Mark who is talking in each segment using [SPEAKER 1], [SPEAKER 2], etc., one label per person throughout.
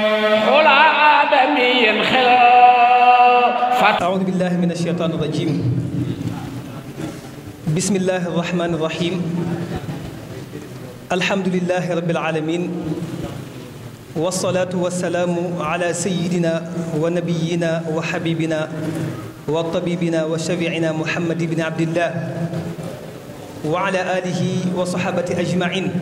[SPEAKER 1] أعوذ بالله من الشيطان الرجيم بسم الله الرحمن الرحيم الحمد لله رب العالمين والصلاة والسلام على سيدنا ونبينا وحبيبنا وطبيبنا وشفيعنا محمد بن عبد الله وعلى آله وصحبه أجمعين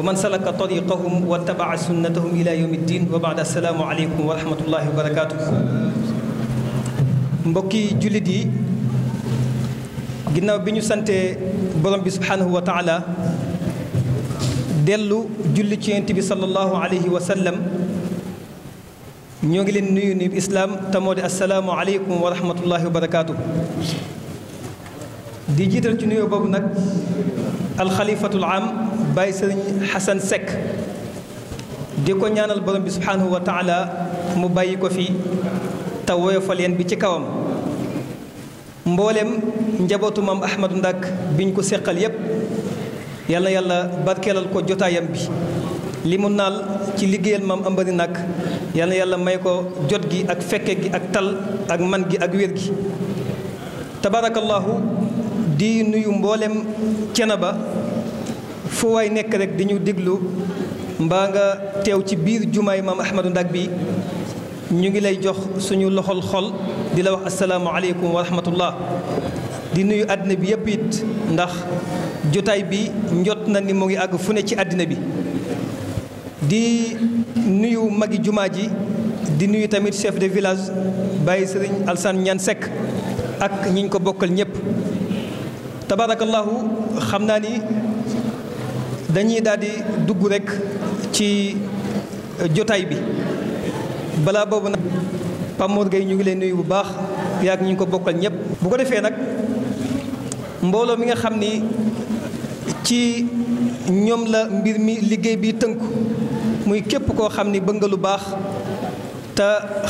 [SPEAKER 1] ومن سلك طريقهم واتبع سنتهم الى يوم الدين وبعد السلام عليكم ورحمه الله وبركاته مبكي جلدي غيناو بينو سانتي بروم بي سبحانه وتعالى دلو جولي تي انت بي صلى الله عليه وسلم نيوغي لين نيو ني اسلام تمودي السلام عليكم ورحمه الله وبركاته دي جيتال تي نيو بوب نك الخليفه العام bàyyi sëriñ Xasan Seck di ko ñaanal borom bi subhanahu wa taala mu bàyyi ko fi te woyofal yeen bi ci kawam mboolem njabootu maam Ahmadou Ndak biñ ko seqal yépp yàlla yàlla barkeelal ko jotaayam bi li mu naal ci liggéeyal maam ambari nag yàlla yàlla may ko jot gi ak fekke gi ak tal ak man gi ak wér gi tabaarakallaahu di nuyu mboolem cene ba fu waay nekk rek di ñu déglu mbaa nga tew ci bir jumaay maam Ahmadou Ndak bi ñu ngi lay jox suñu loxol xol di la wax alaykum wa rahmatullah di nuyu adina bi yep it ndax jotaay bi njot na ni mo ngi ag fu ne ci adina bi di nuyu magi jumaa ji di nuyu tamit chef de village Baye Serigne Alsane ñan sek ak ñiñ ko bokkal ñep tabarakallah xamna ni dañuy daal di dugg rek ci euh, jotaay bi balaa boobu nag Pape Mor Gueye ñu ngi leen nuyu bu baax yaag ñu ko bokkal ñëpp. bu ko defee nag mbooloo mi nga xam ni ci ñoom la mbir mi liggéey bi tënku muy képp koo xam ni bëgg nga lu baax te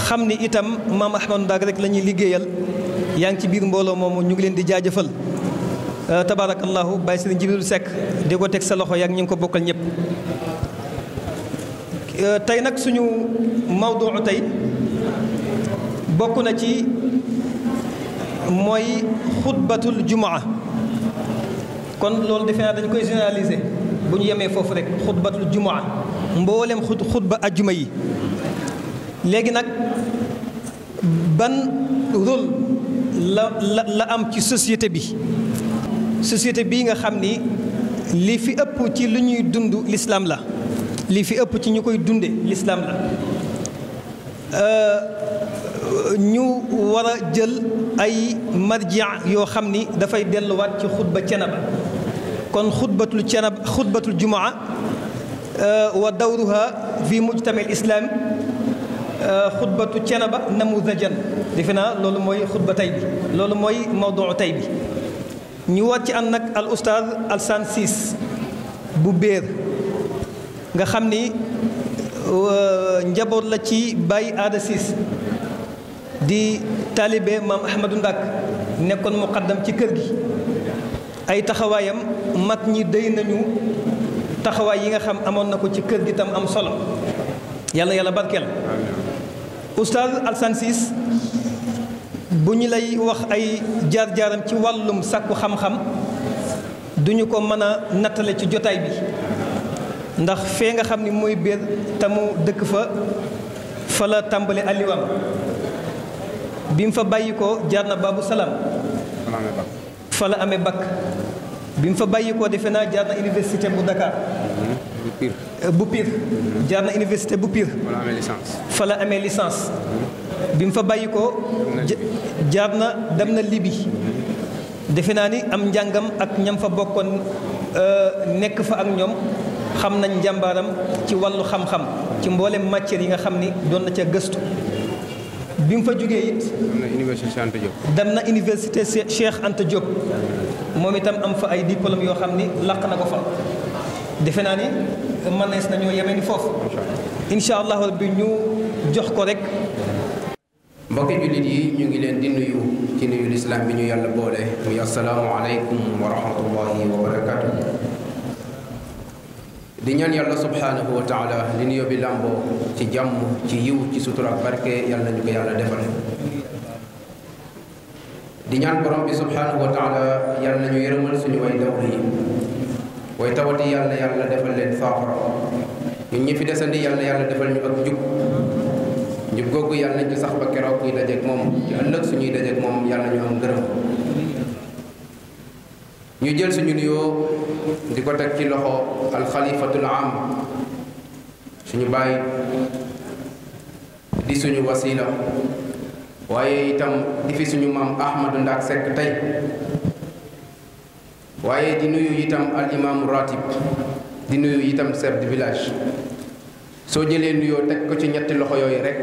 [SPEAKER 1] xam ni itam maam Ahmadou Ndak rek la ñuy liggéeyal yaa ngi ci biir mbooloo moomu ñu ngi leen di jaajëfal. Euh, tabaarakallaahu Baye Sëriñ Jibril Seck di ko teg sa loxo yak ñu ngi ko bokkal ñëpp euh, tey nag suñu mawduu tey bokk na ci mooy xutbatul jumaa kon loolu defe naa dañ koy généraliser bu ñu yemee foofu rek xutbatul jumaa mboolem xut xutba ajjuma yi léegi nag ban rôle la la la am ci société bi société bi nga xam ni li fi ëpp ci lu ñuy dund lislaam la li fi ëpp ci ñu koy dunde lislaam la ñu war a jël ay marja yoo xam ni dafay delluwaat ci xutba cenaba kon xutbatul cenab xutbatul jumaa wa dawruha fi mujtami islam xutbatu cenaba namudajan defe naa loolu mooy xutba tey bi loolu mooy mawduu tey bi ñu war ci ànd nag al oustaz Alassane Ciss bu béer nga xam ni euh, njaboot la ci Baye Aada Ciss di taalibe maam Ahmadou Ndak nekkoon muqaddam ci kër gi ay taxawaayam mat ñi day nañu taxawaay yi nga xam amoon na ko ci kër gi tam am solo yàlla yàlla barkeel oustaz Alassane Ciss bu ñu lay wax ay jaar-jaaram ci wàllum sàkku xam-xam duñu ko mën a nattale ci jotaay bi ndax fee nga xam ni mooy biir te mu dëkk fa fala la tàmbali aliwam bi mu fa bàyyi ko jaar na baabu salaam fa amee bakk bi mu fa bàyyi ko defe naa jaar na université bu Dakar
[SPEAKER 2] mm-hmm.
[SPEAKER 1] euh, bu Pire mm-hmm. jaar na université bu Pire fa la amee licence bi mu fa bàyyi ko jaar na dem na libi defe naa ni am njàngam ak ñam fa bokkoon euh, nekk fa ak ñoom xam nañ njàmbaaram ci wàllu xam-xam ci mboolem matière yi nga xam ni doon na ca gëstu bi mu fa jógee it dem na université Cheikh Anta Diop moom itam am fa ay diplôme yoo xam ni làq na ko fa defe naa ni mënees nañoo yemee ni foofu insha allah bi ñu jox ko rek mbokki jullit yi ñu ngi leen di nuyu
[SPEAKER 2] ci nuyu lislaam bi ñu yàlla boole muy asalaamu aleykum wa rahmatullahi wa barakaatu. di yàlla subhaanahu wa taala li nuyoo bi làmboo ci jàmm ci yiw ci sutura ak barke yàlla nañu ko yàlla defal di ñaan borom bi subhaanahu wa taala yàlla nañu yërëmal suñu way daw yi way tawati yàlla yàlla defal leen saafara ñun ñi fi desandi yàlla yàlla defal ñu ak jub njub googu yàlla nañ ci sax ba keroog ñuy dajeeg moom ci suñuy dajeeg moom yàlla nañu am gërëm jël suñu nuyoo di ko teg ci loxo alxalifatul am suñu bàyyi di suñu wasila waaye itam di fi suñu maam ahmadu ndaak sekk tey waaye di nuyu itam al imaamu ratib di nuyu itam chef village soo jëlee nuyoo teg ko ci ñetti loxo yooyu rek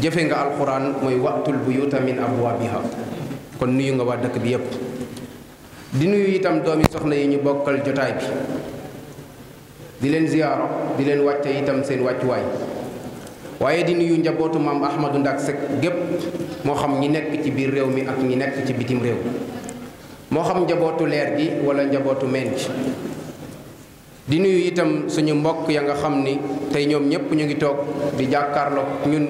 [SPEAKER 2] jëfe nga alxuraan mooy waqtul buyuuta min abwaabiha kon nuyu nga waa dëkk bi yépp di nuyu itam doomi soxna yi ñu bokkal jotaay bi di leen ziyaaro di leen wàcce itam seen wàccuwaay waaye di nuyu njabootu maam Ahmadou Ndak Seck gépp moo xam ñi nekk ci biir réew mi ak ñi nekk ci bitim réew moo xam njabootu leer gi wala njabootu meen gi di nuyu itam suñu mbokk ya nga xam ni tey ñoom ñu ngi toog di jàkkaarloog ñun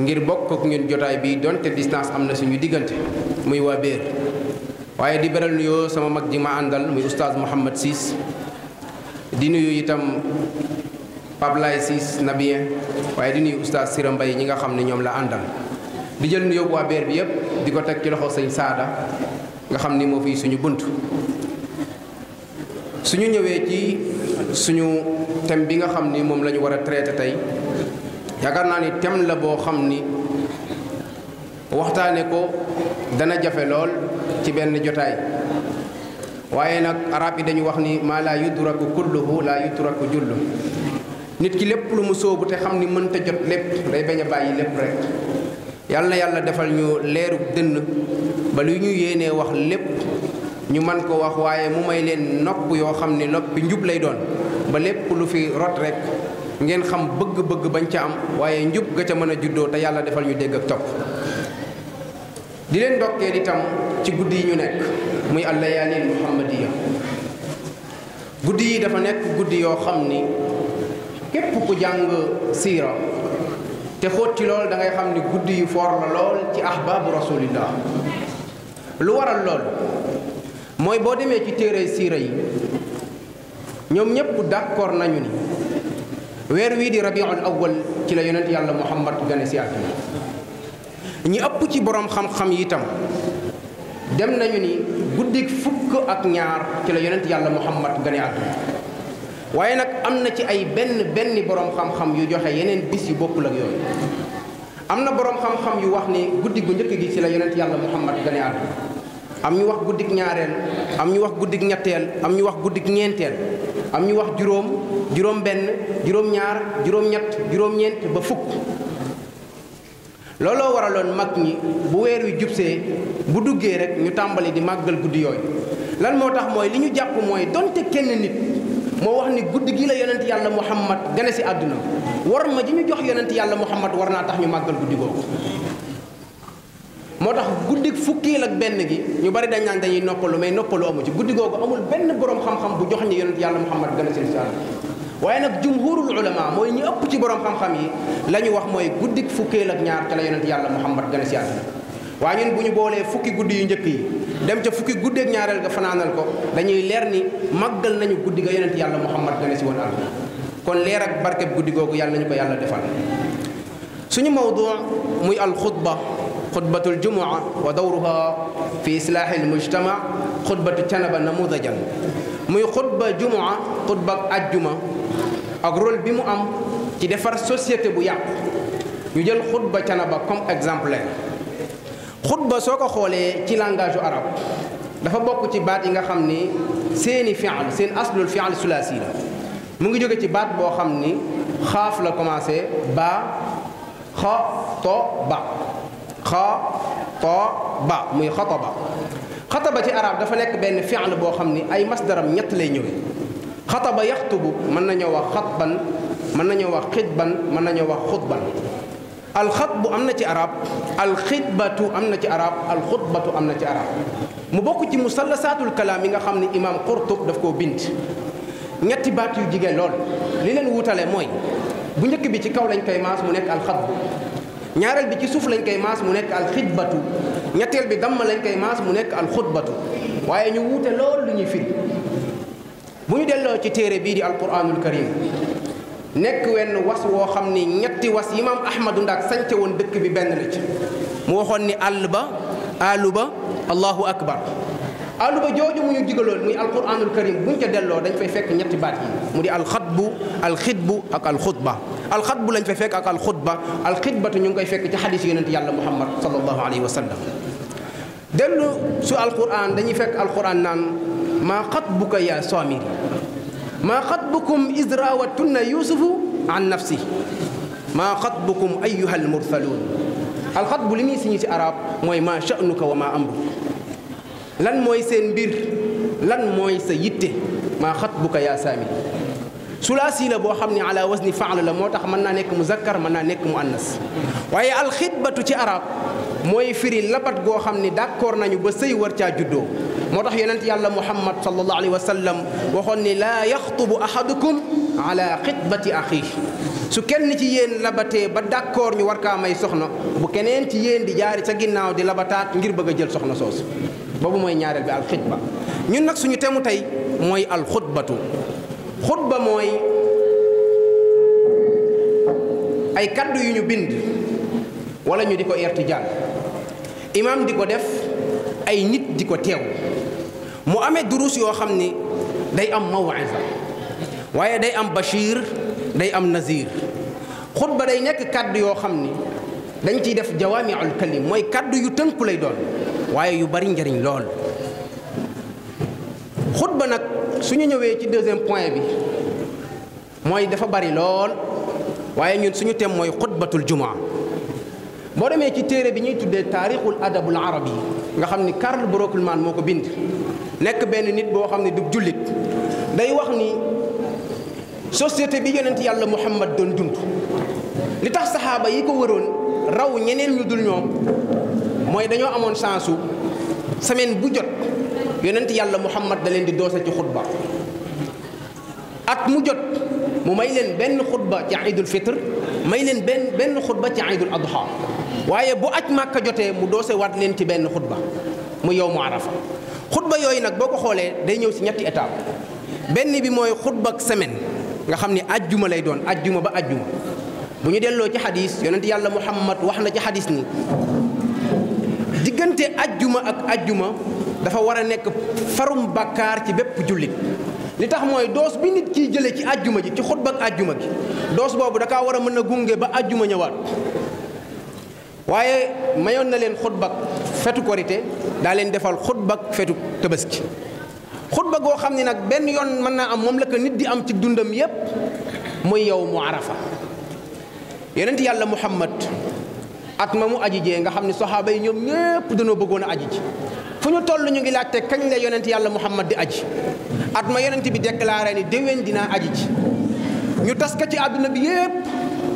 [SPEAKER 2] ngir bokk ak ñun jotaay bi donte distance am na suñu diggante muy di beral sama mag ji ma àndal muy oustaz Mouhamad Siis di nuyu itam Pablay Siis Nabien waaye di nuyu oustaz Sira Mbay ñi nga xam ne la àndal di jël nuyoo waa béer bi yépp di ko ci loxo sëñ Saada nga suñu su ñu ñëwee ci suñu thème bi nga xam ni moom lañu ñu war a traité tey yaakaar naa ni thème la boo xam ni waxtaane ko dana jafe lool ci benn jotaay waaye nag arab yi dañu wax ni maa laa yudraku kulluhu laa yudraku jullu nit ki lépp lu mu sóobu te xam ni mënta jot lépp day bañ a bàyyi lépp rek yàlla yàlla defal ñu leeru dënn ba lu ñu yéenee wax lépp ñu man ko wax waaye mu may leen nopp yoo xam ne noppi njub lay doon ba lépp lu fi rot rek ngeen xam bëgg-bëgg bañ ca am waaye njub ga ca mën a juddoo te yàlla defal ñu dégg ak topp di leen ndokkee itam ci guddi yi ñu nekk muy àll allayaalil muhammadiya guddi yi dafa nekk guddi yoo xam ni képp ku jàng siira te xóot ci lool da ngay xam ni guddi yu foor la lool ci ahbaabu rasulillah lu waral lool mooy boo demee ci téere siira yi ñoom ñépp d'accord nañu ni weer wii di rabiul awwal ci la yonent yàlla muhammad gane si àdduna ëpp ci boroom xam-xam itam dem nañu ni guddik fukk ak ñaar ci la yonent yàlla muhammad gane àdduna waaye nag am na ci ay benn benn boroom xam-xam yu joxe yeneen bis yu bokkul ak yooyu am na boroom xam-xam yu wax ni guddi gu njëkk gi ci la yonent yàlla muhammad gane àdduna am ñu wax guddik ami am ñu wax guddik ñetteel am ñu wax guddik ñeenteel am ñu wax juróom juróom benn juróom ñaar juróom ñett juróom ñeent ba fukk looloo waraloon mag ñi bu wi bu rek ñu di maggal guddi yooyu lan moo tax mooy li ñu jàpp mooy donte kenn nit moo wax ni guddi gi la yonent muhammad gane si àdduna war ma ji ñu jox yonent yàlla muhammad war naa tax ñu màggal guddi moo tax guddik fukkeel ak benn gi ñu bari dañ naan dañuy noppalu mais noppalu amu ci guddi googu amul benn borom xam-xam bu jox ñu yonent yàlla muhammad gën a seen sàll waaye nag jumhurul ulama mooy ñu ëpp borom xam-xam yi la ñu wax mooy guddik fukkeel ak ñaar ca la yàlla muhammad gën a si àdduna waaye ñun bu ñu boolee fukki guddi yu njëkk yi dem ca fukki guddeeg ñaareel ga fanaanal ko dañuy leer ni màggal nañu guddi ga yonent yàlla muhammad gën a si woon àdduna kon leer ak barkeb guddi googu yàlla nañu ko yàlla defal suñu mawdu muy alxutba خطبة الجمعة ودورها في إصلاح المجتمع خطبة تنبا نموذجا مي خطبة جمعة خطبة الجمعة أقول بيم أم كدفر سوسيتي بيا يجل خطبة تنبا كم إكزامبل خطبة سوكا خولي تي لانجاج عرب دا فا بوكو تي بات ييغا خامني سين فعل سين اصل الفعل الثلاثي لا موغي جوغي تي بات بو خامني خاف لا با خ تو با xa to ba muy xataba xataba ci araab dafa nekk benn fi'l boo xam ni ay masdaram ñett lay ñëwee xataba yaxtubu mën nañoo wax xatban mën nañoo wax xitban mën nañoo wax xutban alxatbu am na ci arab alxitbatu am na ci arab alxutbatu am na ci arab mu bokk ci musallasaatul kalaam yi nga xam ni imaam Qurtub daf koo bind ñetti baat yu jigéen lool li leen wutale mooy bu njëkk bi ci kaw lañ koy maas mu nekk alxatbu ñaaral bi ci suuf lañ koy maas mu nekk alxitbatu ñetteel bi damm lañ koy maas mu nekk alxutbatu waaye ñu wuute lool lu ñuy firi bu ñu delloo ci téere bii di alquranul karim nekk wenn was woo xam ni ñetti was imam maam ahmadu ndaak sañce woon dëkk bi benn la ci mu waxoon ni àll ba àllu ba allahu akbar àllu ba jooju mu ñu digaloon muy alquranul karim buñ ca delloo dañ fay fekk ñetti baat yi mu di alxatbu alxitbu ak alxutba الخطب لن فيك أكال خطبة الخطبة نيونك فيك تحدث ينت يلا محمد صلى الله عليه وسلم دل سو القرآن دني فيك القرآن نان ما خطبك يا سامي ما خطبكم إزراء راوتن يوسف عن نفسي ما خطبكم أيها المرسلون الخطب لمي سيني سي عرب ما شأنك وما أمرك لن موي سين لن موي سيتي ما خطبك يا سامي ثلاثي la بو xam على ala فعل لا la من tax mën naa nekk mu zakkar mën naa nekk mu annas waaye alxitbatu ci arab mooy firi labat goo xam ne d'accord nañu ba sëy war caa juddoo moo tax yonent yàlla muhammad sallallahu alayhi wa sallam ahadukum ala su kenn ci yéen labaté ba d'accord ñu war ka may soxna bu keneen ci yéen di jaari ci ginnaw di labataat ngir bëgg jël soxna soos bobu moy ñaareel bi khutba ñun nak suñu temu moy al khutbatu xutba mooy ay kàddu yu ñu bind wala ñu di ko irtijaal imaam di ko def ay nit di ko teew mu amee durus yoo xam ni day am maw'iza waaye day am bashir day am nazir xutba day nekk kàddu yoo xam ni dañ ciy def jawaami'ul kalim mooy kàddu yu tënku lay doon waaye yu bari njariñ lool xutba nag su ñu ñëwee ci deuxième point bi mooy dafa bari lool waaye ñun suñu thème mooy xutbatul jumaa boo demee ci téere bi ñuy tuddee taarixul adabul arabi nga xam ni Karl Brockmann moo ko bind nekk benn nit boo xam ne du jullit day wax ni société bi yonent yàlla Muhammad doon dund li tax saxaaba yi ko wëroon raw ñeneen ñu dul ñoom mooy dañoo amoon sansu semaine bu jot yonent yàlla muhammad da leen di doose ci xutba at mu jot mu may leen benn xutba ci iidul fitr may leen ben benn xutba ci iidul adha waaye bu aj màkka jotee mu doose waat leen ci benn xutba mu yow mu arafa xutba yooyu nag boo ko xoolee day ñëw si ñetti étape benn bi mooy xutba semaine nga xam ni lay doon ajjuma ba ajjuma bu ñu ci xadis yonent yàlla muhammad wax na ci xadis ni diggante ajjuma ak ajjuma dafa war a nekk farum bàkkaar ci bépp jullit li tax mooy doos bi nit kiy jëlee ci àjjuma ji ci xutba ak àjjuma bi doos boobu da kaa war a mën a gunge ba àjjuma ñëwaat waaye mayoon na leen xutba fetu korité daa leen defal xutba fetu tabaski xutba goo xam ne nag benn yoon mën naa am moom la ko nit di am ci dundam yépp muy yow mu arafa yonent yàlla muhammad ak ma mu aji jee nga xam ne saxaaba yi ñoom ñépp dañoo bëggoon a aji ji fu ñu toll ñu ngi laajte kañ la yonent yàlla muhammad di aji at ma yonent bi déclaré ni déwén dinaa aji ji ñu tas ko ci àdduna bi yépp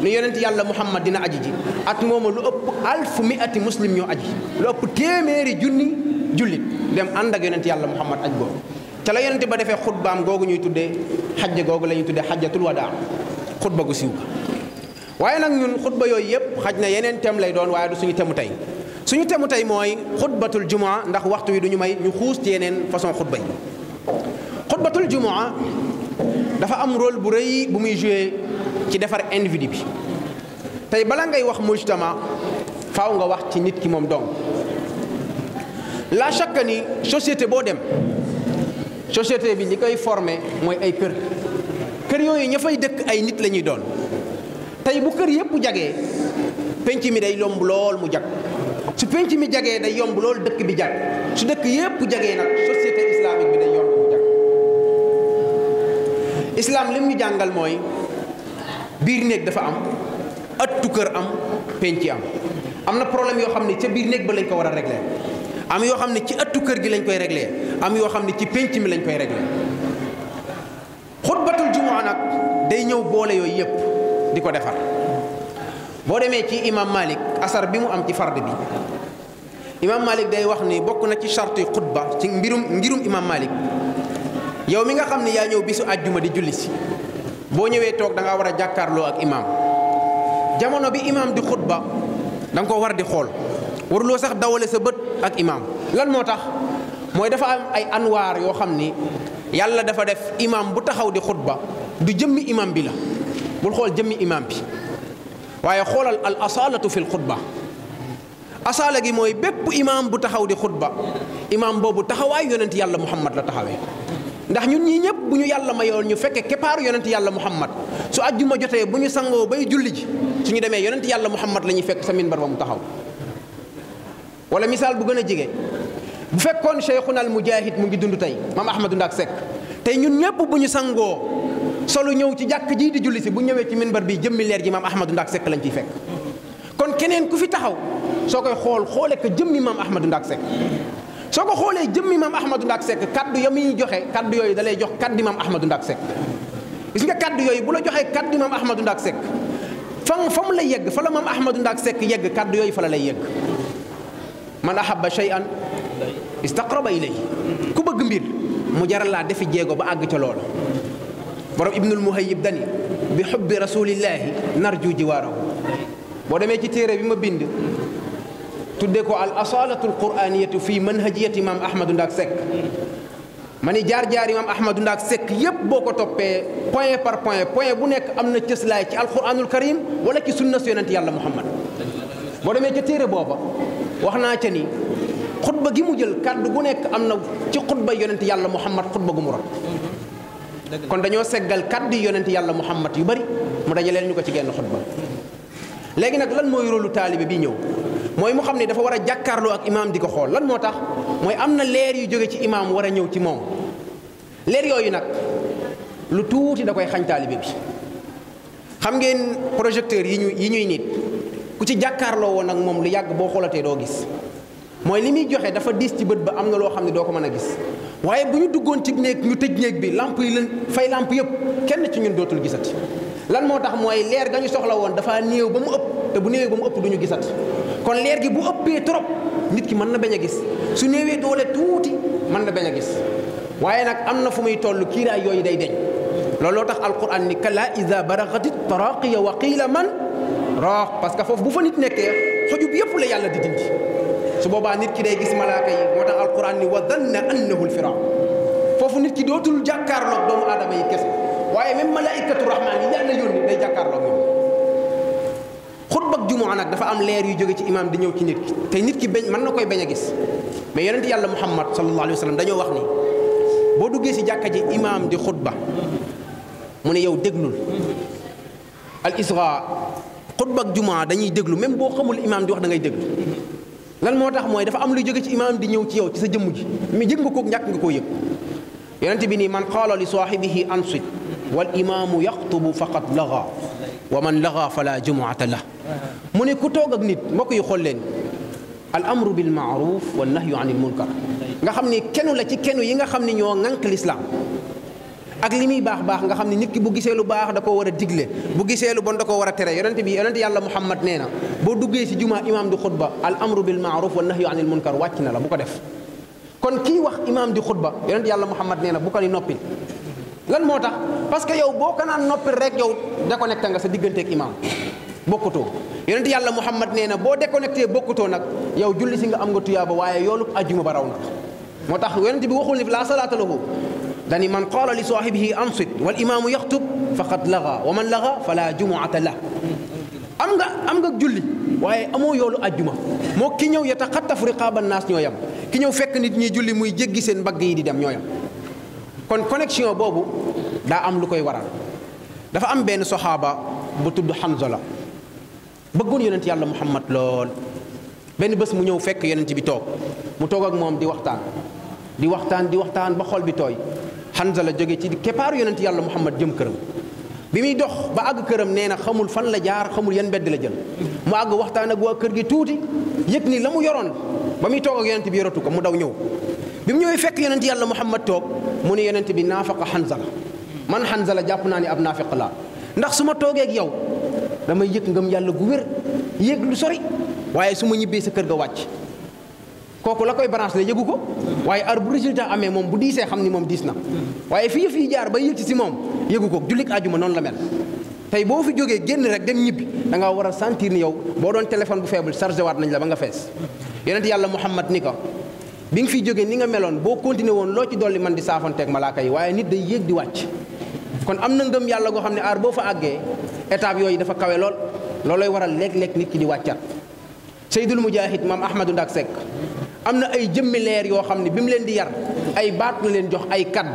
[SPEAKER 2] ne yonent yàlla muhammad dina aji ji at mooma lu ëpp alfu miati muslim ñoo aji lu ëpp téeméeri junni jullit dem ànd ak yonent yàlla muhammad aj googu ca la yonent ba defee xutbaam googu ñuy tuddee xajja googu lañuy ñuy tuddee xajjatul wadaa xutba gu siiw waaye nag ñun xutba yooyu yépp xaj na yeneen tem lay doon waaye du suñu temu tey suñu temu tay moy khutbatul jumaa ndax waxtu yi duñu may ñu xoos ci yenen façon khutba yi khutbatul jumaa dafa am rôle bu reuy bu muy jouer ci defar individu bi tay bala ngay wax mujtama faaw nga wax ci nit ki mom dong la chaque ni société bo dem société bi ni koy former moy ay kër kër yoy ñu fay dëkk ay nit lañuy doon tay bu kër yépp jagee penc mi day lomb lool mu jagg penc mi jagee day yomb loolu dëkk bi jag su dëkk yépp jagee nag société islamique bi day yomb mu jag islam lim ñu jàngal mooy biir néeg dafa am ëttu kër am penc am am na problème yoo xam ne ca biir néeg ba lañ ko war a régler am yoo xam ne ci ëttu kër gi lañ koy régler am yoo xam ne ci penc mi lañ koy régler xutbatul jumaa nag day ñëw boole yooyu yépp di ko defar boo demee ci imam Malik asar bi mu am ci fard bi imam Malik day wax ni bokku na ci charte khutba ci mbirum mbirum imam Malik yow mi nga xamni ya ñëw bisu aljuma di julli ci bo ñewé tok da nga wara jakarlo ak imam jamono bi imam di khutba da nga ko war di xool waruloo sax dawale sa beut ak imam lan motax moy dafa am ay anwar yo xamni yàlla dafa def imam bu taxaw di khutba du jëmmi imam bi la bul xol jëmmi imam bi waye xolal al asalatu fil khutbah asaala gi mooy bépp imaam bu taxaw di xutba imaam boobu taxawaay yonent yàlla muhammad la taxawee ndax ñun ñii ñëpp bu ñu yàlla mayoon ñu fekkee keppaaru yonent yàlla muhammad su ajjuma jotee bu ñu sangoo bay julli ji ñu demee yonent yàlla muhammad la ñuy fekk sa minbar ba mu taxaw wala misaal bu gën a jege bu fekkoon cheikhuna al mujahid mu ngi dund tey maam ahmadou ndak sekk tey ñun ñëpp bu ñu sangoo solu ñëw ci jàkk ji di julli si bu ñëwee ci minbar bi jëmmi leer ji maam ahmadou lañ ciy fekk kon ku fi taxaw sokoy xol xolé xoole ko jëmmi maam Ahmadou ndak sek soko xolé xoolee jëmmi maam Ahmadou Ndack Seck kaddu yami muy joxe kaddu yoy dalay jox kaddu maam Ahmadou ndak sek gis nga kaddu yoy bu la joxe kaddu maam Ahmadou ndak sek fam fam la yegg fa la maam Ahmadou ndak sek yegg kaddu yoy fa la lay yegg man ahabba shay'an istaqraba ilay ku bëgg mbir mu jaral la defi jéego ba ag ci lool borom ibnul muhayyib dani bi hubbi rasulillahi narju jiwaarahu bo démé ci téré bi ma bind tuddee ko al asalatu alquraniyatu fi manhajiyati imam ahmadu ndaak sekk ma ni jaar-jaar imam ahmadu ndaak sekk yépp boo ko toppee point par point point bu nekk am na cëslaay ci alquranul karim wala ci sunna su yonent yàlla muhammad boo demee ca téere booba wax naa ca ni xutba gi mu jël kàddu gu nekk am na ci xutba yonent yàlla muhammad xutba gu mu rot kon dañoo seggal kàddu yonent yàlla muhammad yu bari mu dajaleen ñu ko ci genn xutba léegi nag lan mooy rôlu taalibe bi ñëw mooy mu xam ne dafa war a jàkkaarloo ak imaam di ko xool lan moo tax mooy am na leer yu jóge ci imaam war a ñëw ci moom leer yooyu nag lu tuuti da koy xañ taalibe bi xam ngeen projecteur yi ñu yi ñuy nit ku ci jàkkaarloo woon ak moom lu yàgg boo xoolatee doo gis mooy li muy joxe dafa diis ci bët ba am na loo xam ne doo ko mën a gis waaye bu ñu duggoon ci néeg ñu tëj néeg bi lamp yi leen fay làmp yëpp kenn ci ñun dootul gisati lan moo tax mooy leer ga soxla woon dafa néew ba mu ëpp te bu néewee ba mu ëpp ñu gisat kon leer gi bu uppe trop nit ki man na baña gis su newe doole tuuti man na baña gis waye nak amna na fu muy toll kiiraay yooyu day deñ lolo tax alquran ni kala iza baraxatit taraqi wa qila man raq parce que foofu bu fa nit nekké soju bi yep la yàlla di dindi su boba nit ki day gis malaaka yi motax alquran ni wa dhanna annahu lfiraq foofu nit ki dotul jakarlo doomu adamay kess waye même malaikatu rahman yi yàlla yoni day jakarlo ñoom waxtu jumaa nag dafa am leer yu jóge ci imaam di ñëw ci nit ki te nit ki bañ mën na koy bañ a gis mais yonent yàlla muhammad sallallahu alayhi wa sallam dañoo wax ni boo duggee si jàkka ji imaam di xutba mu ne yow déglul al isra xutba ak jumaa dañuy déglu même boo xamul imaam di wax da ngay déglu lan moo tax mooy dafa am luy jóge ci imaam di ñëw ci yow ci sa jëmm ji mu yëg nga ko ñàkk nga koo yëg yonent bi nii man qaala li saahibihi ansit wal imaamu yaxtubu faqad laga ومن لغى فلا جمعة له lah mu نيت ku يخول لين الامر بالمعروف والنهي عن المنكر nga xamni kenu la ci kenu yi nga xamni ño ngank l'islam ak limi bax bax nga xamni nit ki bu gisee lu bax da koo war digle bu gisee lu bon da koo war tere yonent bi yonent yàlla muhammad nee bo duggé ci juma imam di khutba al amru bil ma'ruf wal nahyu anil munkar wàcc na la bu ko def kon ki wax imam di khutba yonent yàlla muhammad nee bu ko ni noppil lan moo tax parce que yow boo ko naan noppi rek yow déconnecté nga sa digganteeg imaam bokkutoo yonent yàlla Muhammad nee na boo déconnecté bokkutoo nag yow julli si nga am nga tuyaaba waaye yoolub ajjuma ba raw na moo tax yonent bi waxul ni laa salaata lahu dani man qaala li saahibihi ansit wal imaamu yaxtub faqad laga wa man laga fala jumuata la am nga am nga julli waaye amoo yoolu ajjuma moo ki ñëw yataxattafu riqaaba naas ñoo yam ki ñëw fekk nit ñi julli muy jéggi seen mbagg yi di dem ñoo yam kon connexion boobu daa am lu koy waral dafa am benn soxaaba bu tudd Hanzala bëggoon yonent yàlla Muhammad lool benn bés mu ñëw fekk yonent bi toog mu toog ak moom di waxtaan di waxtaan di waxtaan ba xol bi tooy Hanzala jóge ci keppaaru yonent yàlla Muhammad jëm këram bi muy dox ba àgg këram nee na xamul fan la jaar xamul yan mbedd la jël mu àgg waxtaan ak waa kër gi tuuti yëg nii la mu yoroon ba muy toog ak yonent bi yoratu ko mu daw ñëw bi mu ñëwee fekk yonent yàlla muhammad toog mu ne yonent bi naafaqa xanzala man xanzala jàpp naa ni ab naafiq laa ndax su ma toogeeg yow damay yëg ngëm yàlla gu wér yëg lu sori waaye su ma ñibbee sa kër ga wàcc kooku la koy branche la yëgu ko waaye ar bu résultat amee moom bu diisee xam ni moom diis na waaye fii fii jaar ba yëg si moom yëgu ko jullit àjjuma noonu la mel tey boo fi jógee génn rek dem ñibbi da ngaa war a sentir ni yow boo doon téléphone bu faible chargé waat nañ la ba nga fees yonent yàlla muhammad ni ko bi nga fi joge ni nga meloon boo continuer woon loo ci dolli man di ak malaaka yi waaye nit day yéeg di wàcc kon am na ngëm yàlla goo xam ne aar boo fa àggee étape yooyu dafa kawe lool loolooy waral léeg-léeg nit ki di wàccat Seydul Mujahid maam Ahmadou Ndak Seck am na ay jëmmi leer yoo xam ne bi mu leen di yar ay baat la leen jox ay kadd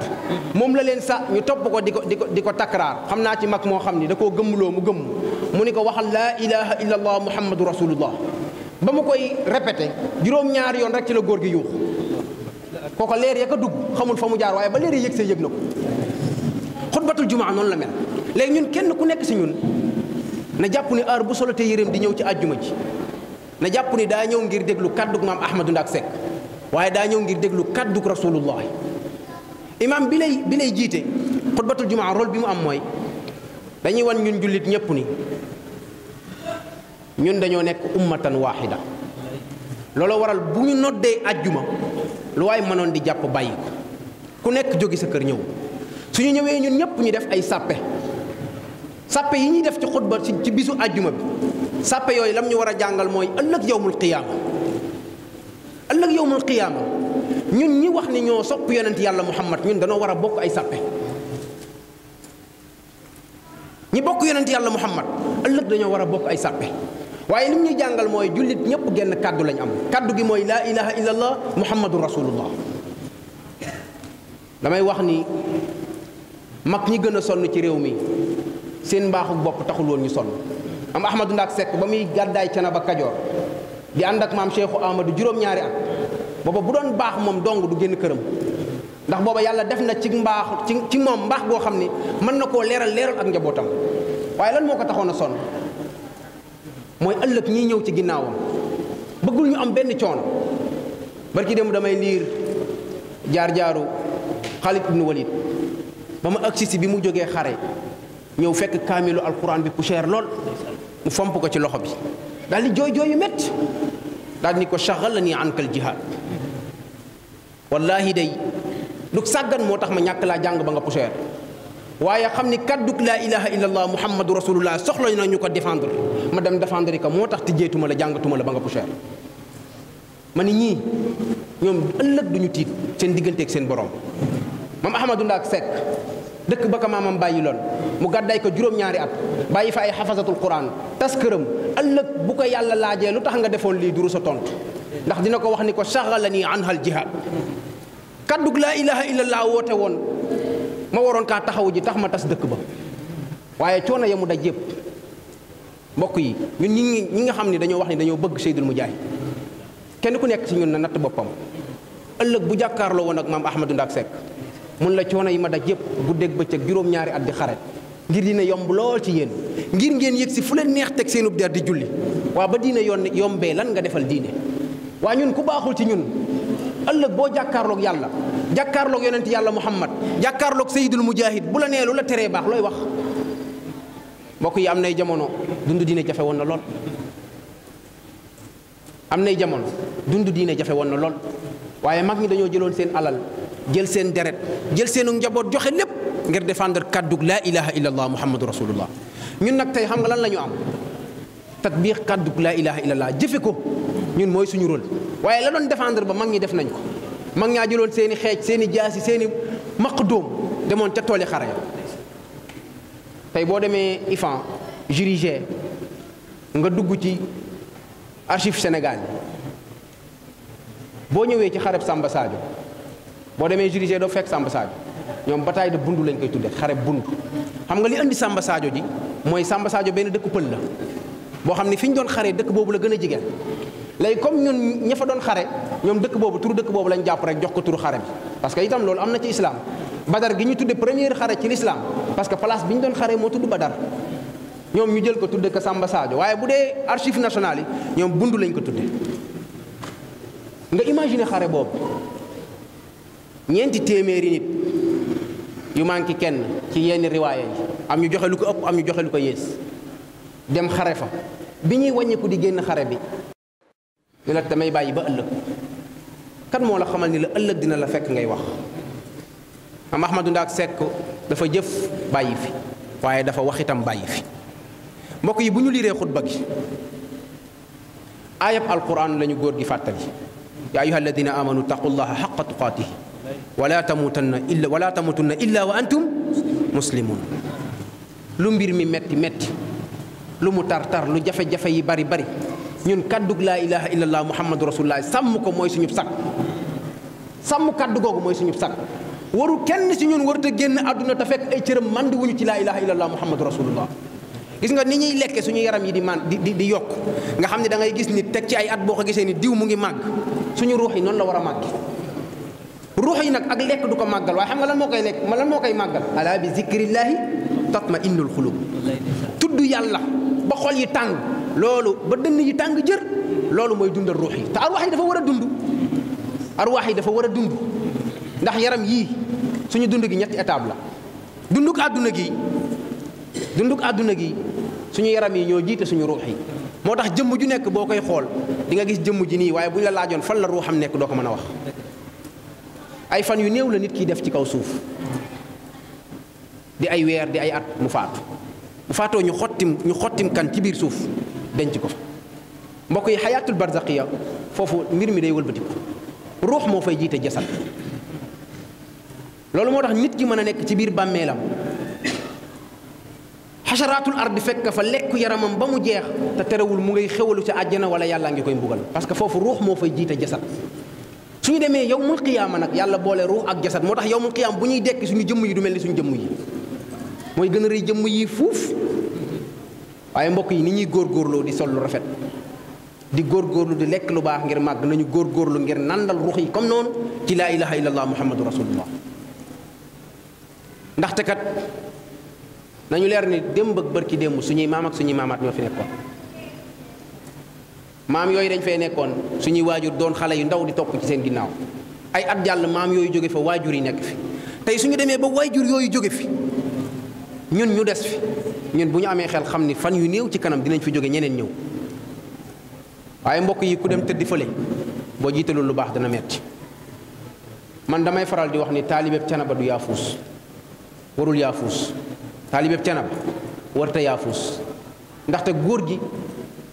[SPEAKER 2] moom la leen sa ñu topp ko di ko di ko di ko takraar xam naa ci mag moo xam ne da koo gëmmuloo mu gëm mu ni ko waxal la ilaha illallah allah muhammadu rasulullah ba mu koy répété juróom-ñaar yoon rek ci la góor gi yuux kooko leer ya ko dugg xamul fa mu jaar waaye ba leer yi yëg see na ko xutbatul jumaa noonu la mel léegi ñun kenn ku nekk si ñun na jàpp ni heure bu solotee yéreem di ñëw ci àjjuma ji na jàpp ni daa ñëw ngir déglu kàdduk maam Ahmadou Ndack Seck waaye daa ñëw ngir déglu kàdduk rasulullah imaam bi lay bi lay jiite xutbatul jumaa rol bi mu am mooy dañuy wan ñun jullit ñëpp ni ñun dañoo nekk ummatan waaxida looloo waral bu ñu noddee ajjuma lu waay mënoon di jàpp bàyyi ko ku nekk jóge sa kër ñëw su ñu ñëwee ñun ñëpp ñu def ay sàppe sàppe yi ñuy def ci xutba ci bisu àjjuma bi sàppe yooyu lam ñu war a jàngal mooy ëllëg yowmul qiyaama ëllëg yowmul qiyaama ñun ñi wax ni ñoo sopp yonent yàlla muhammad ñun danoo war a bokk ay sàppe ñi bokk yonent yàlla muhammad ëllëg dañoo war a bokk ay sàppe waaye lim ñuy jàngal mooy jullit ñëpp genn kàddu lañu am kàddu gi mooy laa ilaha illallah muhammadu rasulullah damay wax ni mag ñi gën a sonn ci réew mi seen mbaaxu bopp taxul woon ñu sonn am ahmadu ndaak sekk ba muy gàddaay na ba kajoor di ànd ak maam cheikhu ahmadu juróom-ñaari at booba bu doon baax moom dong du génn këram ndax booba yàlla def na ci mbaax ci ci moom mbaax goo xam ne mën na koo leeral leeral ak njabootam waaye lan moo ko taxoon a sonn mooy ëllëg ñiy ñëw ci ginnaawam bëggul ñu am benn coono barki dem damay liir jaar-jaaru Xaalid ibnu Walid ba ma agsi bi mu jógee xare ñëw fekk kaamilu alquran bi poussière lool mu fomp ko ci loxo bi daal di jooy jooy yu métti daal ni ko shaghalani ankal jihaad wallaahi day lu sàggan moo tax ma ñàkk laa jàng ba nga poussière waaye xam ni kàdduk laa ilaha illallah muhammadu rasulullah soxla na ñu ko défendre ma dem défendre ko moo tax tijjeetuma la jàngatuma la ba nga poussière ni ñii ñoom duñu tiit seen digganteeg seen borom maam Ahmadou Ndaak dëkk ba ko maamam bàyyi loon mu gàddaay ko juróom at bàyyi fa ay xafasatul quran tas këram ëllëg bu ko yàlla laajee lu tax nga defoon lii duru sa tontu ndax dina ko wax ni ko saxalani anhal jihad kaddug laa ilaha illallah woote woon ma waroon kaa taxawu ji tax ma tas dëkk ba waaye coono ya mu daj yëpp mbokk yi ñun ñi ñi nga xam ne dañoo wax ni dañoo bëgg Seydul Mujaay kenn ku nekk ci ñun na natt boppam ëllëg bu jàkkaarloo woon ak maam Ahmadou Ndak Seck mun la coono yi ma daj yëpp guddeeg bëccëg juróom-ñaari at di xare ngir dina yomb lool ci yéen ngir ngeen yëg si fu leen neex teg seenub der di julli waa ba diine yoon yombee lan nga defal diine waa ñun ku baaxul ci ñun ëllëg boo jàkkaarloog yàlla jàkkaarloog yonent yàlla muhammad jàkkaarloog sayidul mujahid bu la nee lu la teree baax looy wax mbokk yi am na nay jamono dund diine jafe woon na lool am nay jamono dund diine jafe woon na lool waaye mag ñi dañoo jëloon seen alal jël seen deret jël seenu njaboot joxe lépp ngir défendre kàddug laa ilaha illallah muhammadu rasulullah ñun nag tey xam nga lan la ñu am tatbiix kàddug laa ilaha illallah jëfe ko ñun mooy suñu rôle waye la doon défendre ba mag ñi def nañ ko mag ñaa jëloon seeni xeej seeni jaasi seeni i maq demoon ca tooli xare tey boo demee IFAN jurigé nga dugg ci archive Sénégal boo ñëwee ci xareb Samba Sadio boo demee jurigé G doo fekk Samba Sadio ñoom bataille de Bundu lañ koy tuddee xareb Bundu xam nga li andi Samba Sadio ji mooy Samba Sadio benn dëkk pël la boo xam ne fi ñu doon xaree dëkk boobu la gën a jigéen léegi comme ñun ña fa doon xare ñoom dëkk boobu tur dëkk boobu lañ jàpp rek jox ko turu xare bi parce que itam loolu am na ci islam badar gi ñu tuddee première xare ci l'islam parce que place bi ñu doon xare moo tudd badar ñoom ñu jël ko tudde ko Samba Sadio waaye bu dee archive nationale yi ñoom bundu lañ ko tudde nga imaginer xare boobu ñeenti téeméeri nit yu manqué kenn ci yenn riwaaya am ñu joxe lu ko ëpp am ñu joxe lu ko yées dem xare fa bi ñuy wàññeeku di génn xare bi ni la damay bàyyi ba ëllëg kan moo la xamal ni la ëllëg dina la fekk ngay wax am Ahmadou Ndaak Seck dafa jëf bàyyi fi waaye dafa wax itam bàyyi fi mbokk yi bu ñu liiree xutba gi ayab alquran la ñu góor gi fàttali yaa ayuha alladina amanu taqullaha xaqa tuqaatihi wala tamuutanna illa wala tamuutunna illa wa antum muslimun lu mbir mi metti metti lu mu tar tar lu jafe-jafe yi bari bari ñun kàddug laa ilaha illallah muhammadu rasulullah sàmm ko mooy suñu sag sàmm kàddu googu mooy suñu sag waru kenn si ñun warut a génn àdduna te fekk ay cëram mandi wuñu ci laa ilaha illallah muhammadu rasulullah gis nga ni ñuy lekkee suñu yaram yi di man di di yokk nga xam ne da ngay gis ni teg ci ay at boo ko gisee ni diw mu ngi màgg suñu ruux yi noonu la war a màgg ruux yi nag ak lekk du ko màggal waaye xam nga lan moo koy lekk lan moo koy màggal ala bi zikrillaahi tatma innul xulub tudd yàlla ba xol yi tàng loolu ba dënn yi tàng jër loolu mooy dundal ruux yi te arwaax yi dafa war a dund arwaax yi dafa war a dund ndax yaram yii suñu dund gi ñetti étape la dunduk àdduna gi dunduk àdduna gi suñu yaram yi ñoo jiite suñu ruux yi moo tax jëmm ju nekk boo koy xool di nga gis jëmm ji nii waaye bu ñu la laajoon fan la ruuxam nekk doo ko mën a wax ay fan yu néew la nit kiy def ci kaw suuf di ay weer di ay at mu faatu bu faatoo ñu xottim ñu xottim kan ci biir suuf دنج كوف مكو حياه البرزقيه فوفو مير مي ريول بديكو روح مو فاي جيت جسد لولو موتاخ نيت كي مانا نيك تي بير حشرات الارض فك فليك يرمم بامو جيخ تا تراول موغي خيولو ولا يالا نغي كوي مبوغال باسكو روح مو فاي جيت جسد suñu démé yowmul qiyam nak yalla bolé ruh ak jasad motax yowmul qiyam buñuy dékk suñu jëm yi du melni suñu jëm yi moy gëna reuy waaye mbokk yi ni ñuy góor góorloo di sol lu rafet di góor góorgóorlu di lekk lu baax ngir màgg nañu góor góorgóorlu ngir nandal ruux yi comme noonu ci laa ilaha illallah muhammadu rasulullah ndaxte kat nañu leer ni démb ak bërki démb suñuy maam ak suñuy maamaat ñoo fi nekkoon maam yooyu dañ fee nekkoon suñuy waajur doon xale yu ndaw di topp ci seen ginnaaw ay at jàll maam yooyu jóge fa waajur yi nekk fi tey suñu demee ba waajur yooyu jóge fi ñun ñu des fi ñen buñu amé xel xamni fan yu néew ci kanam dinañ fi joggé ñeneen ñëw waye mbokk yi ku dem teddi feulé bo jiitalul lu baax dana metti man damay faral di wax ni talibé canaba du yafus warul yafus talibé canaba warta yafus ndax té góor gi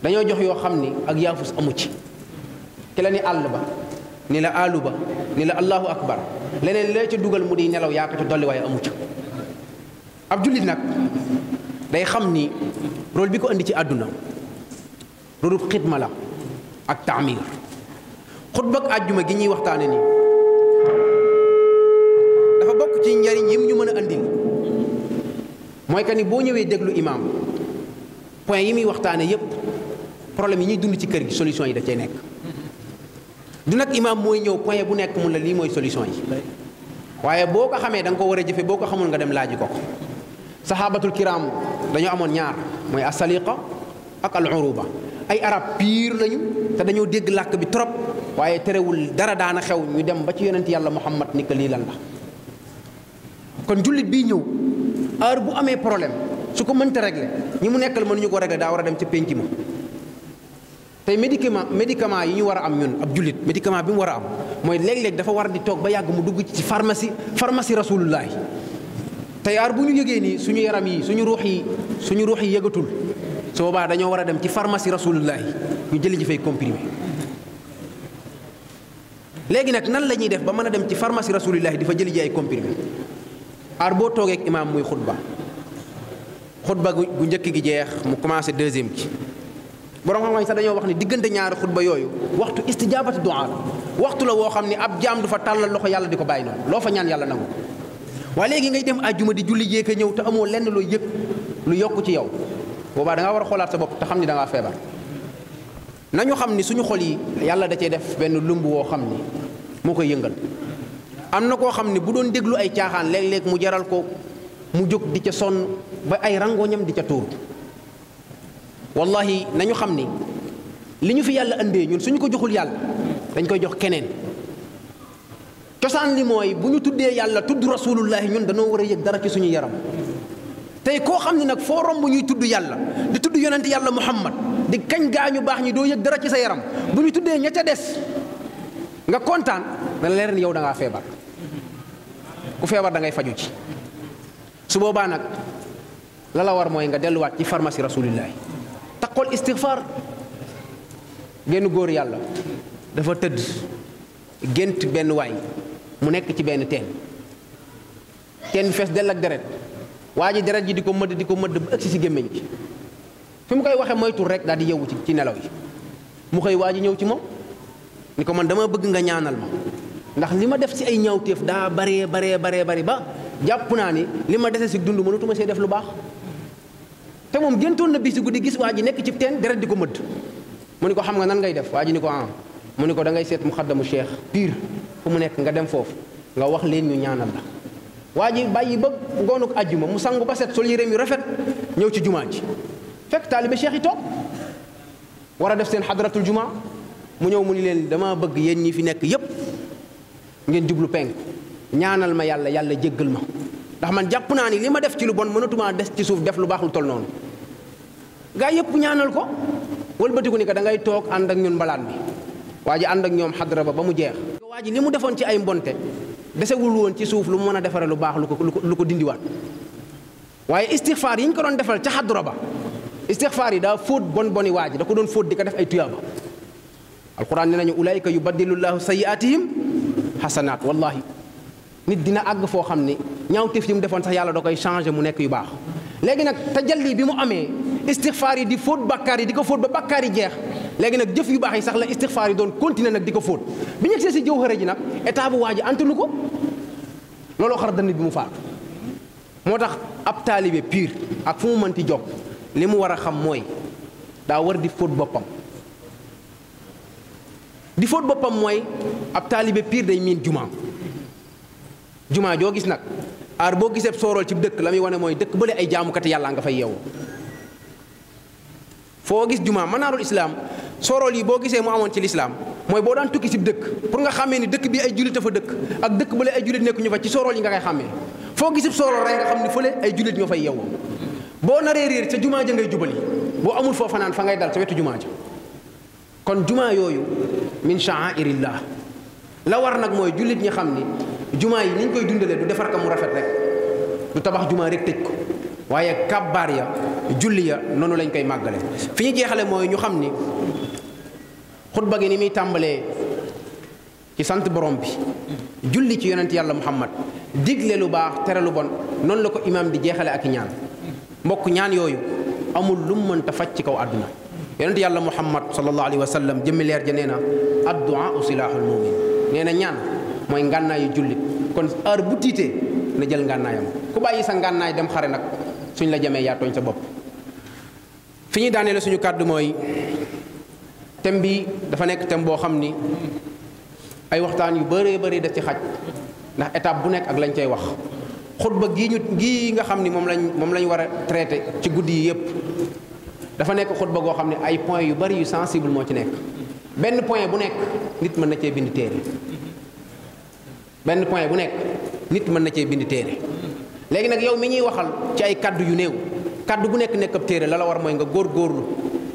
[SPEAKER 2] dañoo jox yo xamni ak yafus amu ci ki la ni àll ba ni la alu ba ni la allahu akbar leneen lee ci duggal mu di nelaw yaa ko ca dolli waaye amu ci abdulit nak day xam ni rôle bi ko indi ci àdduna rôle xidma la ak taamir xutba ak àjjuma gi ñuy waxtaane nii dafa bokk ci njariñ yim ñu mën a andil mooy que ni boo ñëwee déglu imaam point yi muy waxtaane yépp problème yi ñuy dund ci kër gi solution yi da cay nekk du nag imaam mooy ñëw point bu nekk mun la lii mooy solution yi waaye boo ko xamee da nga ko war a jëfe boo ko xamul nga dem laaj ko ko sahabatul kiram dañoo amoon ñaar mooy asaliqa ak al uruba ay arab piir lañu te dañoo dégg làkk bi trop waaye terewul dara daana xew ñu dem ba ci yonent yàlla muhammad ni ko lii lan la kon jullit bii ñëw heure bu amee problème su ko mënta régler ñi mu nekkal mënuñu ko régler daa war dem ca penc ma tey médicament médicament yi ñu war am ñun ab jullit médicament bi mu war am mooy léeg-léeg dafa war di toog ba yàgg mu dugg ci pharmacie pharmacie rasulullahi Saya arbu ñu yëgee ni suñu yaram yi suñu ruux yi suñu ruux yi yëgatul su boobaa dañoo war a dem ci pharmacie rasulullah ñu jëli ji fay comprimé léegi nag nan la ñuy def ba mën dem ci pharmacie rasulullah di fa jëli ji ay comprimé aar boo toogee ak imaam muy xutba xutba gu njëkk gi jeex mu commencé deuxième gi borom xam sax dañoo wax ni diggante ñaari xutba yooyu waxtu istijaabati du'a waxtu la woo xam ab jaam du fa loxo fa ñaan waaye léegi ngay dem àjjuma di julli jéeg a ñëw te amoo lenn loo yëg lu yokk ci yow boobaa da war a xoolaat sa bopp te xam ni da ngaa feebar nañu xam ni suñu xol yi yàlla da cee def benn lumb woo xam ni moo koy yëngal am na koo xam ni bu doon déglu ay caaxaan léeg-léeg mu jaral ko mu jóg di ca sonn ba ay rangoñam di ca tuur wallahi nañu xam ni li ñu fi yàlla indee ñun suñu ko joxul yàlla dañ koy jox keneen cosaan li mooy bu ñu tuddee yàlla tudd rasulullahi ñun dañoo war a yëg dara ci suñu yaram tey koo xam ne nag foo romb ñuy tudd yàlla di tudd yonent yàlla muhammad di kañ gaañu baax ñi doo yëg dara ci sa yaram bu ñu tuddee ña ca des nga kontaan dana leer yow dangaa feebar ku feebar dangay faju ci su boobaa nag la la war mooy nga delluwaat ci pharmacie rasulillahi takkool istighfar genn góor yàlla dafa tëdd gént benn waay mu nekk ci benn teen teen bi fees dell ak deret waa ji deret ji di ko mëdd di ko mëdd ba ëgsi si gémmiñ gi fi mu koy waxee moytul rek daal di yow ci ci nelaw yi mu xëy waa ji ñëw ci moom ni ko man dama bëgg nga ñaanal ma ndax li ma def ci ay ñaawteef daa baree baree baree bari ba jàpp naa ni li ma dese si dund mënatuma see def lu baax te moom géntoon na bi si guddi gis waa ji nekk ci teen deret di ko mëdd mu ni ko xam nga nan ngay def waa ji ni ko ah mu ni ko da ngay seet mu xaddamu cheikh pire fu mu nekk nga dem foofu nga wax leen ñu ñaanal la waa ji bàyyi ba ngoonu àjjuma mu sangu ba set sol yéreem yu rafet ñëw ci jumaa ji fekk taalibe cheikh yi toog war a def seen xadratul juma mu ñëw mu ni leen dama bëgg yéen ñi fi nekk yëpp ngeen jublu penk ñaanal ma yàlla yàlla jéggal ma ndax man jàpp naa ni li ma def ci lu bon mënatumaa des ci suuf def lu baax lu tol noonu gaa yépp ñaanal ko wëlbatiku ni ko da ngay toog ànd ak ñun mbalaan bi waa ji ànd ak ñoom xadra ba ba mu jeex waa ji li mu defoon ci ay mbonte desewul woon ci suuf lu mu mën a defaree lu baax lu ko lu ko dindiwaat waaye istixfaar yi ñu ko doon defal ca xadra ba istixfaar yi daa fóot bon boni waa ji da ko doon fóot di ko def ay tuyaaba alquran ne nañu ulaayika yubaddilu llaahu sayyi'aatihim xasanaat wallahi nit dina àgg foo xam ni ñaawteef yi mu defoon sax yàlla da koy changé mu nekk yu baax léegi nag tajalli bi mu amee istixfaar yi di fóot bàkkaar yi di ko fóot ba bàkkaar yi jeex léegi nag jëf yu baax yi sax la istixfaar yi doon continuer nag di ko fóot bi ñu si jëw xëra ji nag état bu waa ji antanu ko looloo xar dann bi mu faatu moo tax ab taalibe piir ak fu mu mënti jog li mu war a xam mooy daa war di fóot boppam di fóot boppam mooy ab taalibe pire day miin jumaa jumaa joo gis nag aar boo gisee soorool ci dëkk la muy wane mooy dëkk bële ay jaamukati yàlla nga fay yeewoo foo gis jumaa manaarul islaam sorool yi boo gisee mu amoon ci lislaam mooy boo daan tukki si dëkk pour nga xamee ni dëkk bi ay jullit dafa dëkk ak dëkk ba la ay jullit nekk ñu fa ci sorool yi nga koy xàmmee foo gisib sorool rek nga xam ni ay jullit ñoo fay yeewoo boo naree réer ca jumaa ja ngay jubali boo amul foo fanaan fa ngay dal ca wetu jumaa ja kon jumaa yooyu min sha'airillah la war nag mooy jullit ñi xam ni jumaa yi niñ koy dundalee du defar ka mu rafet rek du tabax jumaa rek tëj ko waaye kàbbaar ya julli ya noonu lañ koy màggale fi ñu jeexale mooy ñu xam ni xutba gi ni muy tàmbalee ci sant borom bi julli ci yonent yàlla muhammad digle lu baax tere lu bon noonu la ko imaam di jeexale ak ñaan mbokk ñaan yooyu amul lum mu mënta faj ci kow àdduna yonent yàlla muhammad sallallahu alayhi wa sallam jëmmi leer ja na addu'a u silaahul mu'min ñaan mooy ngànnaayu jullit kon heure bu tiitee na jël ngànnaayam ku bàyyi sa ngànnaay dem xare nag suñ la jamee yaa tooñ sa bopp fi ñuy daaneele suñu kàddu mooy thème bi dafa nekk thème boo xam ni ay waxtaan yu bëree bëri def ci xaj ndax étape bu nekk ak lañ cay wax xutba gii ñu gii nga xam ni moom lañ moom lañ war a traité ci guddi yi yépp dafa nekk xutba goo xam ne ay point yu bari yu sensible moo ci nekk benn point bu nekk nit mën na cee bind benn point bu nekk nit mën na cee bind téere léegi nag yow mi ñuy waxal ci ay kàddu yu néew kaddu bu nekk nekk ab téere la war mooy nga góor góorlu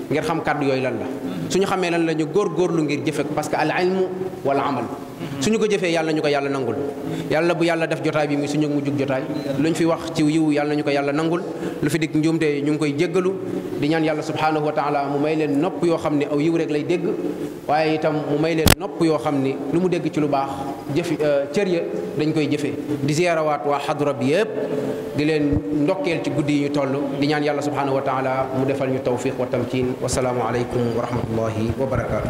[SPEAKER 2] ngir xam kàddu yooyu lan la suñu xamee lan la ñu góor góorlu ngir jëfek parce que al ilmu wal amal su ñu ko jëfee yàlla ñu ko yàlla nangul yàlla bu yàlla def jotaay bi muy suñu mujjug jotaay luñ fi wax ci yiw yàlla ñu ko yàlla nangul lu fi dig njuumte ñu ngi koy jéggalu di ñaan yàlla subhaanahu wa taala mu may nopp yoo xam ne aw yiw rek lay dégg waaye itam mu may leen nopp yoo xam ne lu mu dégg ci lu baax jëf euh, cër ya dañ koy jëfee di ziyaarawaat waa xadra yëpp di leen ndokkeel ci guddi yi ñu toll di ñaan yàlla subhaanahu wa taala mu defal ñu tawfiq wa tamkin wasalaamu aleykum wa rahmatullahi wa barakaatu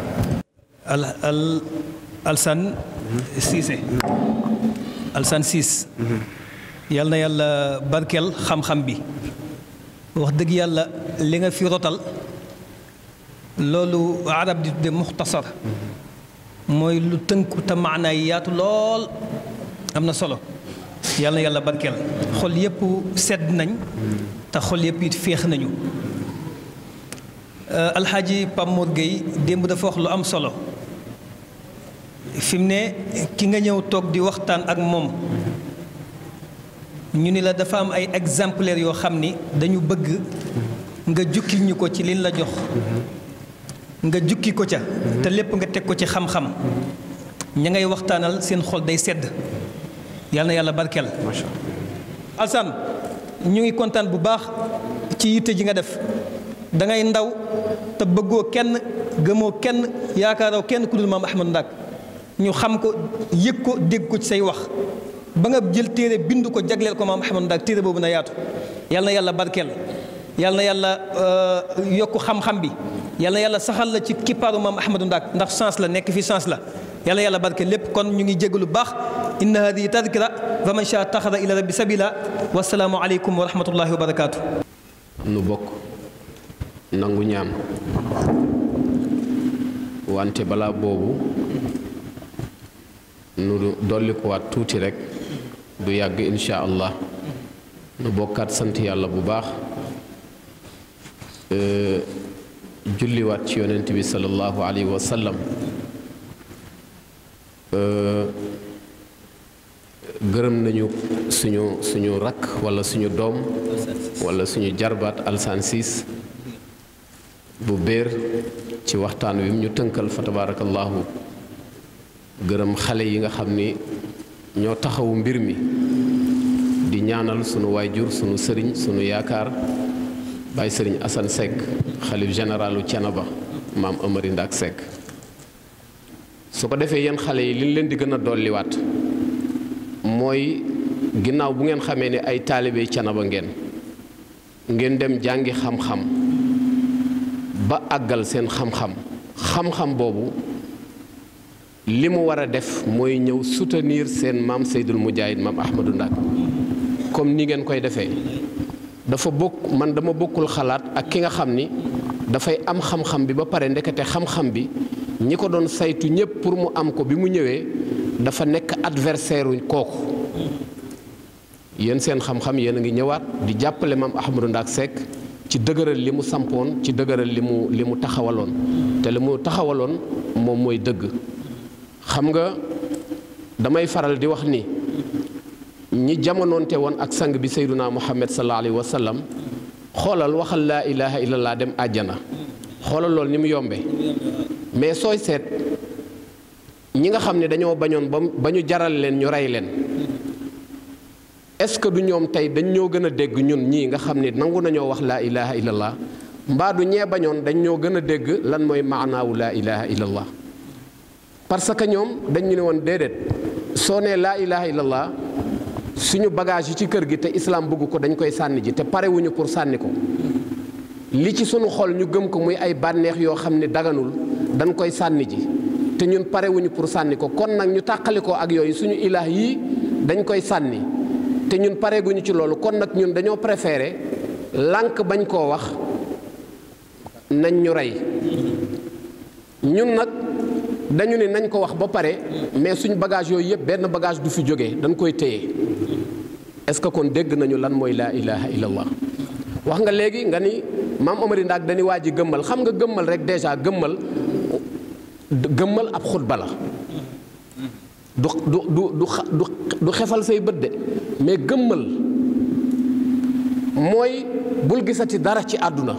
[SPEAKER 1] Alsane Cissé Alsane Ciss yal na yàlla barkeel xam-xam bi wax dëgg yàlla li nga fi rotal loolu arab di tudde muxtasar mooy lu tënku te maanaay yaatu lool am na solo yal na yàlla barkeel xol yëpp sedd nañ te xol yëpp it féex nañu alxaaji Pam Mor Gueye démb dafa wax lu am solo fi mu ne ki nga ñëw toog di waxtaan ak moom ñu ni la dafa am ay exemplaires yoo xam ni dañu bëgg nga jukki ñu ko ci liñ la jox nga jukki ko ca te lépp nga teg ko ci xam-xam ña ngay waxtaanal seen xol day sedd yàlla yàlla barkeel alsan ñu ngi kontaan bu baax ci yitte ji nga def dangay ndaw te bëggoo kenn gëmoo kenn yaakaaroo kenn ku dul maam Ahmadu Ndak ñu xam ko yëg ko dégg ko ci say wax ba nga jël téere bind ko jagleel ko maam Mouhamadou Ndaak téere boobu na yaatu yal na yàlla barkeel yal na yàlla euh, yokk xam-xam bi yal na yàlla saxal la ci kippaaru maam Mouhamadou Ndaak ndax chance la nekk fi chance la yal na yàlla barkeel lépp kon ñu ngi lu baax inna hadihi tadkira fa man shaa taxada ila rabbi sabila wasalaamu aleykum wa rahmatullahi wa barakaatu
[SPEAKER 3] nu bokk nangu ñaam wante balaa boobu nu dolli tuuti rek du yàgg insha allah nu bokkaat sant yàlla bu baax euh, julliwaat ci yonent bi sallallahu alayhi wa euh, gërëm nañu suñu suñu rakk wala suñu doom wala suñu jarbaat alsaan siis bu béer ci waxtaan wi mu ñu tënkal fa tabaarakallaahu gërëm xale yi nga xam ni ñoo taxawu mbir mi di ñaanal sunu waajur sunu sëriñ sunu yaakaar Baye sëriñ Assane Seck xalif généralu Thiénaba maam Amary ak Seck su ko defee yéen xale yi liñ leen di gën a dolliwaat mooy ginnaaw bu ngeen xamee ne ay taalibe Thiénaba ngeen ngeen dem jàngi xam-xam ba àggal seen xam-xam xam-xam boobu li mu war a def mooy ñëw soutenir seen maam Seydul Mujaahid maam Ahmadou Ndak comme ni ngeen koy defee dafa bokk man dama bokkul xalaat ak ki nga xam ni dafay am xam-xam bi ba pare ndekete xam-xam bi ñi ko doon saytu ñëpp pour mu am ko bi mu ñëwee dafa nekk adversaire wuñ kooku yéen seen xam-xam yéen a ngi ñëwaat di jàppale maam Ahmadou Ndak Seck ci dëgëral li mu sampoon ci dëgëral li mu li mu taxawaloon te li mu taxawaloon moom mooy dëgg xam nga damay faral di wax ni ñi jamonoonte woon ak sang bi sayduna muhammad sallallahu alayhi wa sallam xoolal waxal laa ilaha illallah dem àjjana xoolal loolu ni mu yombe mais sooy seet ñi nga xam ne dañoo bañoon ba ñu jaral leen ñu rey leen est-ce que du ñoom tey dañ ñoo gën a dégg ñun ñii nga xam ne nangu nañoo wax laa ilaha illallah mbaa du ñee bañoon dañ ñoo gën a dégg lan mooy maanaawu laa ilaha illallah parce que ñoom dañ ñu ne woon déedéet soo nee laa ilaha illallah suñu bagage yi ci kër gi te islaam bëgg ko dañ koy sànni ji te parewuñu pour sànni ko li ci suñu xol ñu gëm ko muy ay bànneex yoo xam ne daganul dañ koy sànni ji te ñun parewuñu pour sànni ko kon nag ñu tàqali ko ak yooyu suñu ilaah yii dañ koy sànni te ñun pareeguñu ci loolu kon nag ñun dañoo préféré lànk bañ koo wax nañ ñu rey ñun nag dañu ne nañ ko wax ba pare mais suñ bagage yooyu yëpp benn bagage du fi jóge dañ koy téye est-ce que kon dégg nañu lan mooy laa ilaha illallah wax nga léegi nga ni maam Omari Ndaak dañuy waa ji gëmmal xam nga gëmmal rek déjà gëmmal gëmmal ab xutba la du du du du du xefal say bët de mais gëmmal mooy bul gisati dara ci àdduna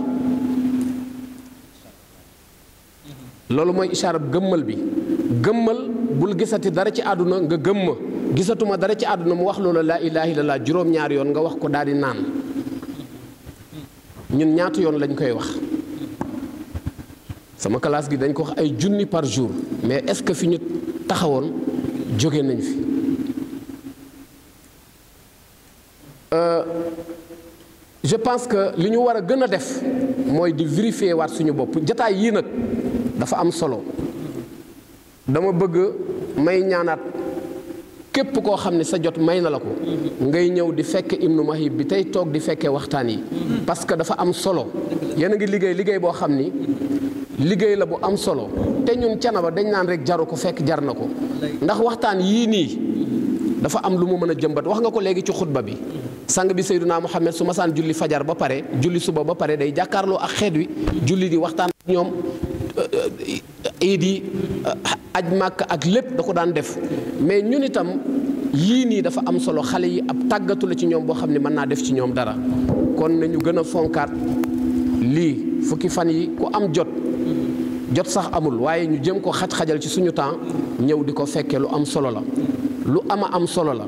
[SPEAKER 3] loolu mooy ishaarab gëmmal bi gëmmal bul gisati dara ci àdduna nga gëmma gisatuma dara ci àdduna mu wax loola laa ilaaha illallaah juróom-ñaar yoon nga wax ko daal di naan ñun ñaatu yoon lañ koy wax sama classe gi dañ ko wax ay junni par jour mais est-ce que fi ñu taxawoon jóge nañu fi euh, je pense que li ñu war a gën a def mooy di vérifier waat suñu bopp jataay yii nag dafa am solo dama bëgg may ñaanaat képp koo xam ne sa jot may na la ko ngay ñëw di fekk ibnu mahib bi tey toog di fekkee waxtaan yi parce que dafa am solo yéen a ngi liggéey liggéey boo xam ni liggéey la bu am solo te ñun canaba dañ naan rek jaru ko fekk jar na ko ndax waxtaan yii nii dafa am lu mu mën a jëmbat wax nga ko léegi ci xutba bi sang bi muhammad su masaan julli fajar ba pare julli suba ba pare day jàkkaarloo ak xeet wi julli di waxtaan ak ñoom iid eh, eh, aj màkk ak lépp da ko daan def mais ñun itam yii nii dafa am solo xale yi ab tàggatu la ci ñoom boo xam ne mën naa def ci ñoom dara kon nañu gën a fonkaat lii fukki fan yi ku am jot jot sax amul waaye ñu jëm ko xaj-xajal ci suñu temps ñëw di ko fekkee lu am solo la lu ama am solo la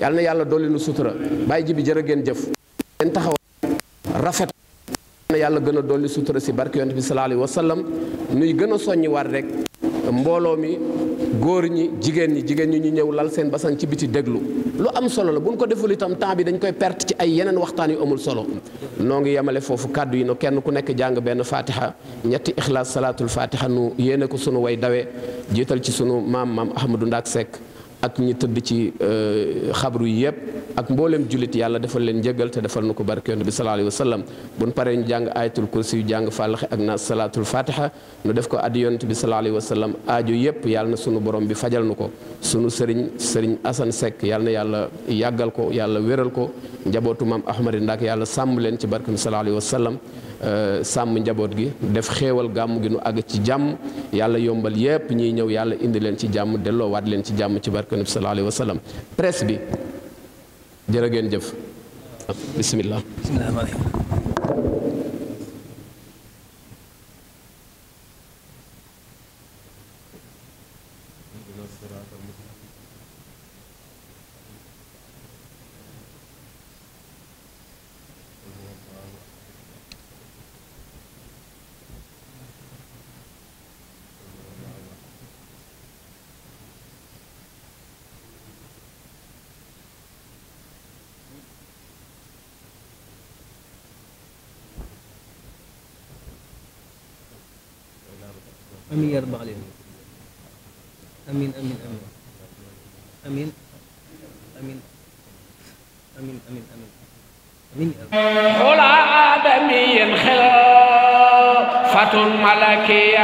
[SPEAKER 3] yàlla na yàlla dolli nu sutura bàyyi ji bi jërë ngeen jëf ngeen taxaw rafet la yàlla gën a dolli sutura si barke yonent bi sallallahu wa sallam nuy gën a soññi war rek mbooloo mi góor ñi jigéen ñi jigéen ñi ñu ñëw lal seen basan ci biti déglu lu am solo la bu ko deful itam temps bi dañ koy ci ay yeneen waxtaan yu amul solo noo ngi foofu kàddu yi no kenn ku nekk jàng benn fatiha ñetti ixlaas salaatul fatiha nu yéene ko sunu way dawe jiital ci sunu maam maam Ahmadou Ndak Seck ak ñi tëdd ci euh, xabru yi yëpp ak mboolem jullit yàlla defal leen njëgal te defal na ko barke yonent bi sallallahu alayhi wa sallam bu nu paree ñu jàng ayatul kursi yu jàng fàllaxe ak na salaatul fatiha nu def ko addi yonent bi sallallahu alayhi wa aajo yëpp yàlla na sunu borom bi fajal nu ko sunu sëriñ sëriñ Assane Seck yàlla na yàlla yàggal ko yàlla wéral ko njabootu maam Ahmadi Ndak yàlla sàmm leen ci barke bi sallallahu alayhi wa sàmm njaboot gi def xéewal gàmm gi nu àgg ci jàmm yàlla yombal yépp ñiy ñëw yàlla indi leen ci jàmm delloowaat leen ci jàmm ci barke nabi sallallahu alayhi wa sallam presse bi jërë ngeen jëf bismillah
[SPEAKER 1] امين يا رب العالمين امين امين امين امين امين امين امين امين امين
[SPEAKER 3] يا رب خلع